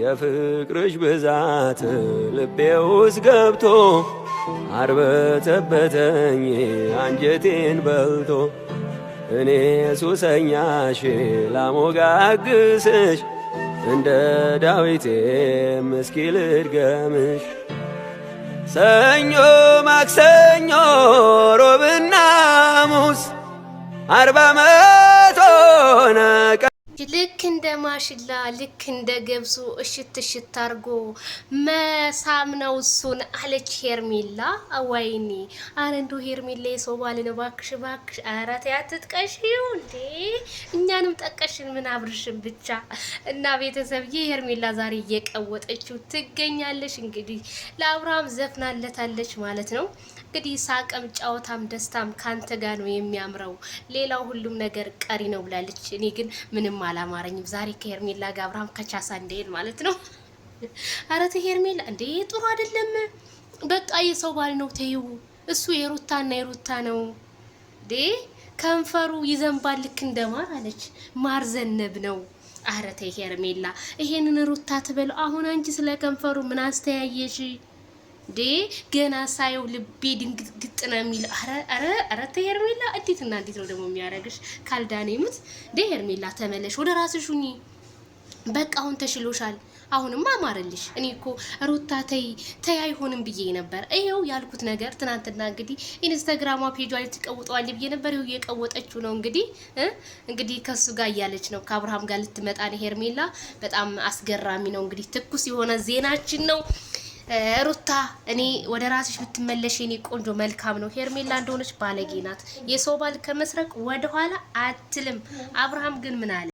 የፍቅርሽ ብዛት ልቤ ውስጥ ገብቶ አርበተበተኝ አንጀቴን በልቶ እኔ ሱሰኛሽ ላሞጋግስሽ እንደ ዳዊቴ ምስኪ ልድገምሽ ሰኞ፣ ማክሰኞ፣ ሮብና ሙስ አርባ ልክ እንደ ማሽላ ልክ እንደ ገብሱ እሽት እሽት አርጎ መሳም ነው እሱን አለች ሄርሜላ። አዋይኒ አረ እንደው ሄርሜላ የሰው ባል ነው ባክሽ፣ ባክሽ አረ ተይ እንዴ እኛንም ጠቀሽን። ምን አብርሽን ብቻ እና ቤተሰብ ሄርሜላ ዛሬ እየቀወጠችው ትገኛለች። እንግዲህ ለአብርሃም ዘፍናለታለች ማለት ነው። እንግዲህ ሳቅም ጫወታም ደስታም ካንተ ጋር ነው የሚያምረው፣ ሌላው ሁሉም ነገር ቀሪ ነው ብላለች። እኔ ግን ምንም አላማረ አላማረኝም። ዛሬ ከሄርሜላ ጋር አብርሃም ከቻሳ እንደሄድ ማለት ነው። አረ ተይ ሄርሜላ እንዴ ጥሩ አይደለም። በቃ የሰው ባል ነው ተይው። እሱ የሩታና የሩታ ነው እንዴ ከንፈሩ ይዘንባል ልክ እንደ ማር አለች። ማር ዘነብ ነው። አረ ተይ ሄርሜላ ይሄንን ሩታ ትበለው። አሁን አንቺ ስለ ከንፈሩ ምን አስተያየሽ? እንዴ ገና ሳየው ልቤ ድንግጥግጥ ነው የሚለው። አረ አረ ተይ ሄርሜላ፣ እንዴት እና እንዴት ነው ደግሞ የሚያደርግሽ ካልዳኔ ምት። እንዴ ሄርሜላ ተመለሽ ወደ ራስሽ ሁኚ። በቃ አሁን ተሽሎሻል። አሁንም አማረልሽ። እኔ እኮ ሩታ ተይ ተይ አይሆንም ብዬ ነበር። ይኸው ያልኩት ነገር ትናንትና እንግዲህ ኢንስታግራሟ ፔጇ ላይ ትቀውጠዋል ብዬ ነበር። ይኸው የቀወጠችው ነው እንግዲህ እንግዲህ ከሱ ጋር እያለች ነው ከአብርሃም ጋር ልትመጣ ነው ሄርሜላ። በጣም አስገራሚ ነው እንግዲህ ትኩስ የሆነ ዜናችን ነው። ሩታ እኔ ወደ ራስሽ ብትመለሽ የኔ ቆንጆ መልካም ነው። ሄርሜላ እንደሆነች ባለጌ ናት። የሰው ባል ከመስረቅ ወደኋላ አትልም። አብርሃም ግን ምን አለ?